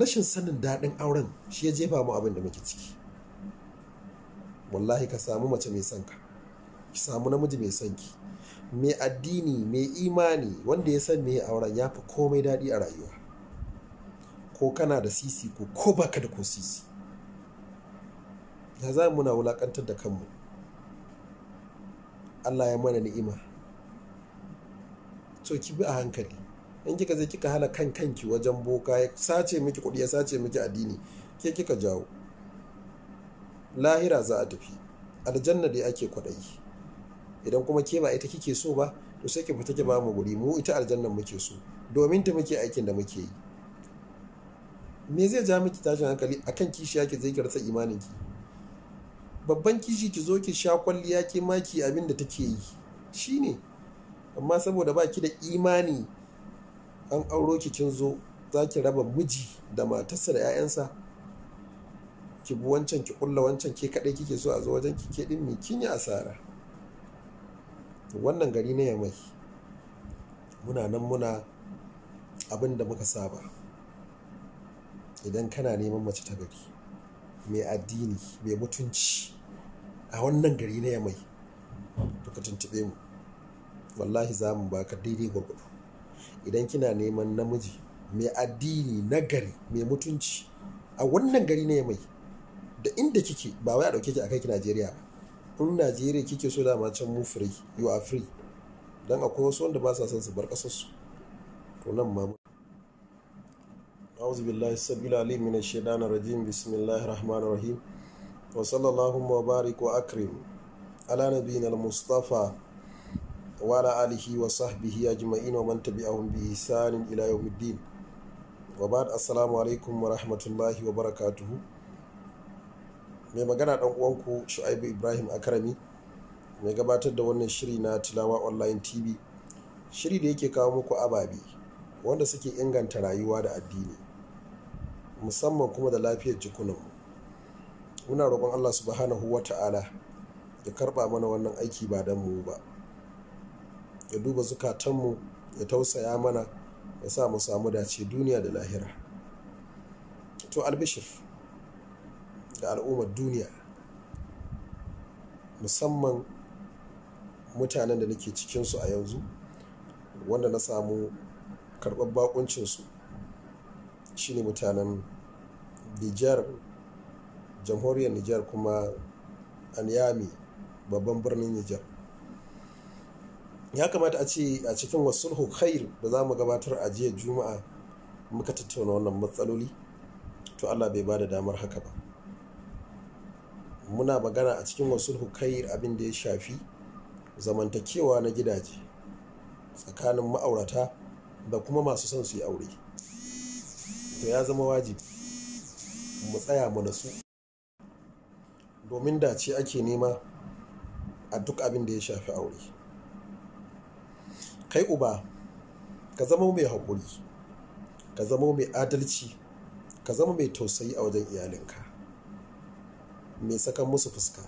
rashin sanin daɗin auren shi ya jefa mu abin da muke ciki wallahi ka samu mace mai son ka ki samu namiji mai son ki mai addini mai imani wanda ya san mai auren ya fi komai daɗi a rayuwa ko kana da sisi ko ko baka da ko sisi ya za muna wulakantar da kanmu Allah ya mana ni'ima to ki bi a hankali in kika je kika hana kan kanki wajen boka ya sace miki kuɗi ya sace miki addini ke kika jawo lahira za a tafi aljanna dai ake kwaɗayi idan kuma ke ba ita kike so ba to sai ki fita ki ba mu guri mu ita aljannan muke so domin ta muke aikin da muke yi me zai ja miki tashin hankali akan kishiya ki zai ki rasa imanin ki babban kishi ki zo ki sha kwalliya ki maki abin da take yi shine amma saboda ba ki da imani an auro ki kin zo za ki raba miji da matarsa da 'ya'yansa ki bi wancan ki kulla wancan ke kaɗai kike so a zo wajen ki ke ɗin me kin yi asara wannan gari ne ya mai muna nan muna abin da muka saba idan kana neman mace ta gari mai addini mai mutunci a wannan gari na yamai to ka tuntube mu wallahi za mu baka daidai gwagwado idan kina neman namiji mai addini na gari mai mutunci a wannan gari ne mai da inda kike ba wai a dauke ki akai ki Najeriya ba in Najeriya kike so dama can mu free you are free dan akwai wasu wanda ba sa son su bar kasar su to nan ma أعوذ alim minash shaitanir rajim bismillahir rahmanir rahim wa sallallahu wa barik wa akrim ala nabiyina al mustafa. wa ala alihi wa sahbihi ajma'in wa man tabi'ahum bi ihsanin ila yawmiddin wa ba'd assalamu alaikum wa rahmatullahi wa barakatuhu mai magana dan uwanku Shu'aibu Ibrahim Akarami mai gabatar da wannan shiri na Tilawa Online TV shiri da yake kawo muku ababe wanda suke inganta rayuwa da addini musamman kuma da lafiyar jikunanmu muna roƙon Allah subhanahu wa ta'ala ya karɓa mana wannan aiki ba don mu ba ya duba zukatanmu ya tausaya mana ya sa mu samu dace duniya da lahira to albishir ga al'ummar duniya musamman mutanen da nake cikinsu a yanzu wanda na samu karɓar bakuncinsu shine mutanen Nijar jamhuriyar Nijar kuma Anyami babban birnin Nijar ya kamata a ce a cikin wasu khair da za mu gabatar a jiya juma'a muka tattauna wannan matsaloli to allah bai ba da damar haka ba muna magana a cikin wasu khair abin da ya shafi zamantakewa na gidaje tsakanin ma'aurata da kuma masu son su yi aure to ya zama wajibi mu tsaya mu nasu domin dace ake nema a duk abin da ya shafi aure kai uba ka zama mai haƙuri ka zama mai adalci ka zama mai tausayi a wajen iyalinka mai sakan musu fuska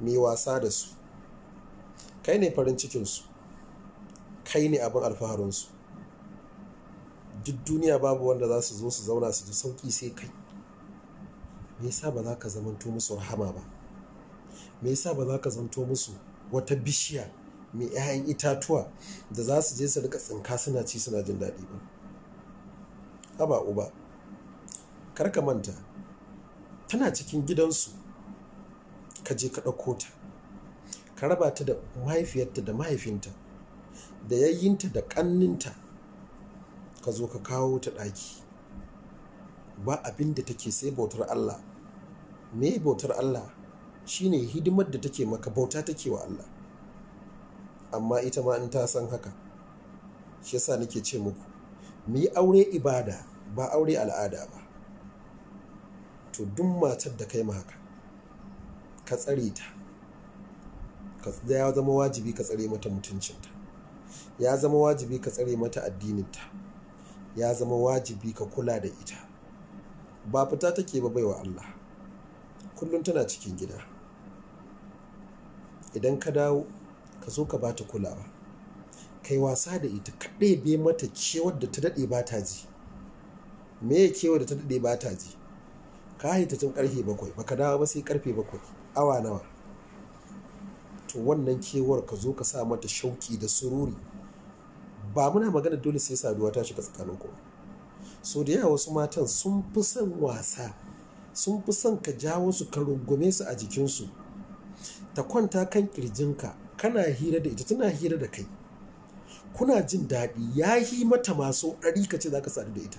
mai wasa da su kai ne farin cikinsu kai ne abin alfaharinsu duk duniya babu wanda za su zo su zauna su ji sauƙi sai kai me yasa ba za ka zamanto musu rahama ba me yasa ba za ka zanto musu wata bishiya mai 'ya'yan itatuwa da za su je su rika tsinka suna ci suna jin daɗi ba haba uba karka manta tana cikin gidansu ka je ka ɗauko ta ka raba ta da mahaifiyarta da mahaifinta da yayyinta da ƙanninta ka zo ka kawo ta ɗaki ba abin da take sai bautar Allah me bautar Allah shine hidimar da take maka bauta take wa Allah amma ita ma in ta san haka shi yasa nake ce muku mu yi aure ibada ba aure al'ada ba to duk matar da kai ma haka ka tsare ta ya zama wajibi ka tsare mata mutuncinta ya zama wajibi ka tsare mata addininta ya zama wajibi ka kula da ita ba fita take ba baiwa Allah kullum tana cikin gida idan ka dawo ka zo ka ba ta kulawa kai wasa da ita kaɗai bai mata kewar da ta daɗe ba ta ji me ya kewar da ta daɗe ba ta ji ka haita tun ƙarfe bakwai baka dawo ba sai ƙarfe bakwai awa nawa to wannan kewar ka zo ka sa mata shauki da sururi ba muna magana dole sai saduwa ta shiga tsakanin ku so da yawa wasu matan sun fi son wasa sun fi son ka jawo su ka rungume su a jikinsu ta kwanta kan kirjinka kana hira da ita tana hira da kai kuna jin daɗi ya yi mata masu ɗari ka ce za ka sadu da ita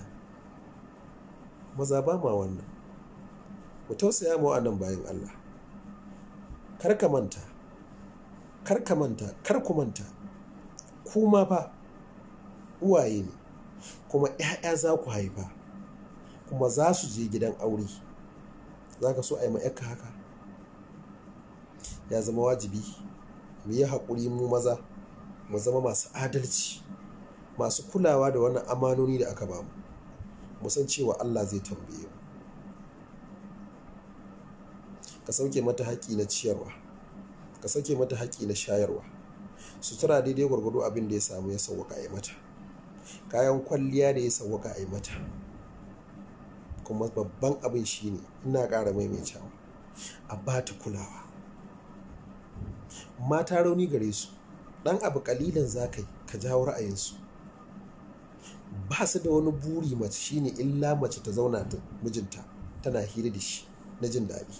maza ba ma wannan ku tausaya ma wa'annan bayan Allah kar ka manta kar ka manta kar ku manta ku ma uwaye ne kuma 'ya'ya za ku haifa kuma za su je gidan aure za ka so a yi ma haka ya zama wajibi mu yi haƙuri mu maza mu zama masu adalci masu kulawa da wannan amanoni da aka bamu mu san cewa Allah zai tambaye mu ka sauke mata haƙƙi na ciyarwa ka sauke mata haƙƙi na shayarwa sutura daidai gwargwado abin da ya samu ya sauwaka a mata kayan kwalliya da ya sauwaka a mata kuma babban abin shine ina ƙara maimaitawa a bata kulawa mata rauni gare su ɗan abu ƙalilan za ka yi ka jawo ra'ayinsu ba su da wani buri mace shine illa mace ta zauna da mijinta tana hira da shi na jin daɗi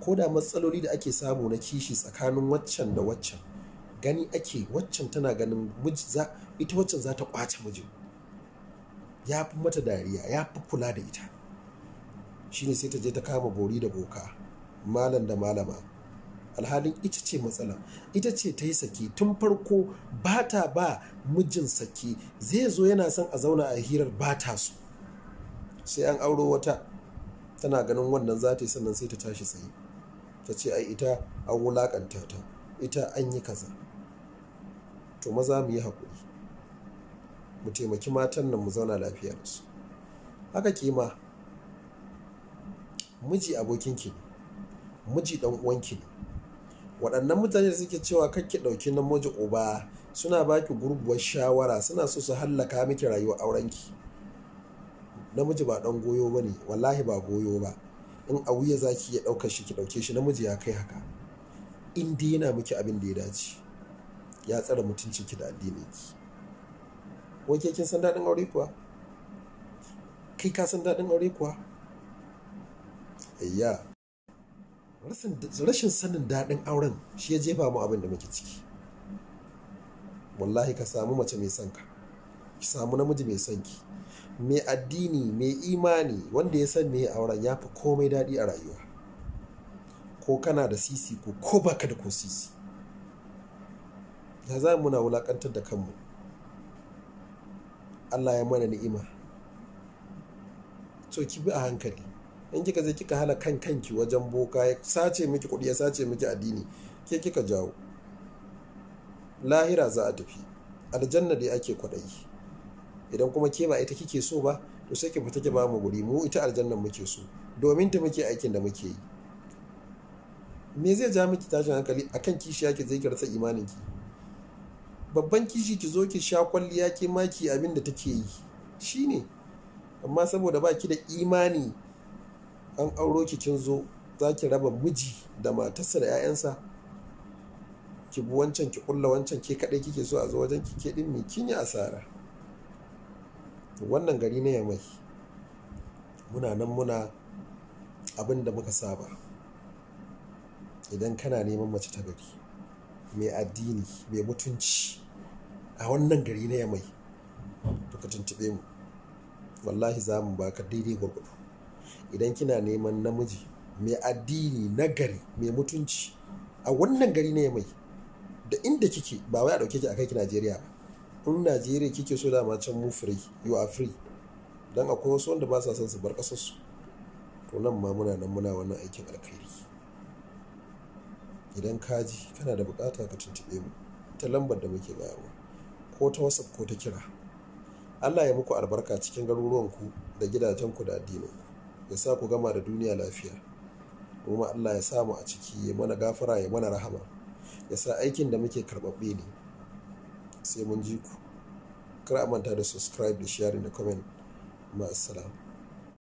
ko da matsaloli da ake samu na kishi tsakanin waccan da waccan gani ake waccan tana ganin ita waccan za ta ƙwace mijin ya fi mata dariya ya fi kula da ita shine sai ta je ta kama bori da boka malam da malama alhalin ita ce matsala ita ce ta yi sake tun farko ba ta ba mijin sake zai zo yana son a zauna a hirar ba ta so sai an auro wata tana ganin wannan za ta yi sannan sai ta tashi tsaye ta ce ai ita an wulakanta ta ita an yi kaza to maza mu yi haƙuri mu taimaki matan nan mu zauna lafiya da su haka kima miji abokinki ne miji ɗan uwanki ne waɗannan mutane suke cewa kakki ɗauki namiji uba suna baki gurguwar shawara suna so su hallaka miki rayuwar aurenki namiji ba ɗan goyo ba ne wallahi ba goyo ba in a wuya za ki iya ɗaukar shi ki ɗauke shi namiji ya kai haka in dai yana miki abin da ya dace ya tsara mutuncin ki da addini ki wake kin san daɗin aure kuwa kai ka san daɗin aure kuwa ayya rashin sanin daɗin auren shi ya jefa mu abin da muke ciki wallahi ka samu mace mai son ka ki samu namiji mai son ki mai addini mai imani wanda ya san me auren ya fi komai daɗi a rayuwa ko kana da sisi ko ko baka da ko sisi ya za muna wulaƙantar da kanmu Allah ya mana ni'ima to ki bi a hankali in kika je kika hana kan kanki wajen boka ya sace miki kuɗi ya sace miki addini ke kika jawo lahira za a tafi aljanna dai ake kwaɗayi idan kuma ke ba ita kike so ba to sai ki fita ki ba mu guri mu ita aljanna muke so domin ta muke aikin da muke yi me zai ja miki tashin hankali akan kishi yake zai ki rasa imanin ki babban kishi ki zo ki sha kwalliya ke maki abin da take yi shine amma saboda ba ki da imani an auro ki kin zo za ki raba miji da matarsa da 'ya'yansa ki bi wancan ki kulla wancan ke kaɗai kike so a zo wajen ki ke ɗin kin yi asara wannan gari na yamai muna nan muna abin da muka saba idan kana neman mace ta gari mai addini mai mutunci a wannan gari na yamai to ka tuntube mu wallahi za mu baka daidai gwagwado idan kina neman namiji mai addini na gari mai mutunci a wannan gari ne mai da inda kike ba wai a dauke ki akai ki Najeriya ba in Najeriya kike so da can mu free you are free dan akwai wasu wanda ba sa son su bar kasar su to nan ma muna nan muna wannan aikin alkhairi idan kaji kana da bukata ka tuntube mu ta lambar da muke bayarwa ko ta whatsapp ko ta kira Allah ya muku albarka cikin garuruwanku da gidajenku da addininku ya sa ku gama da duniya lafiya kuma Allah ya samu a ciki ya mana gafara ya mana rahama ya sa aikin da muke karɓaɓɓe ne sai mun ji ku kar a manta da subscribe da sharing da comment ma'assalam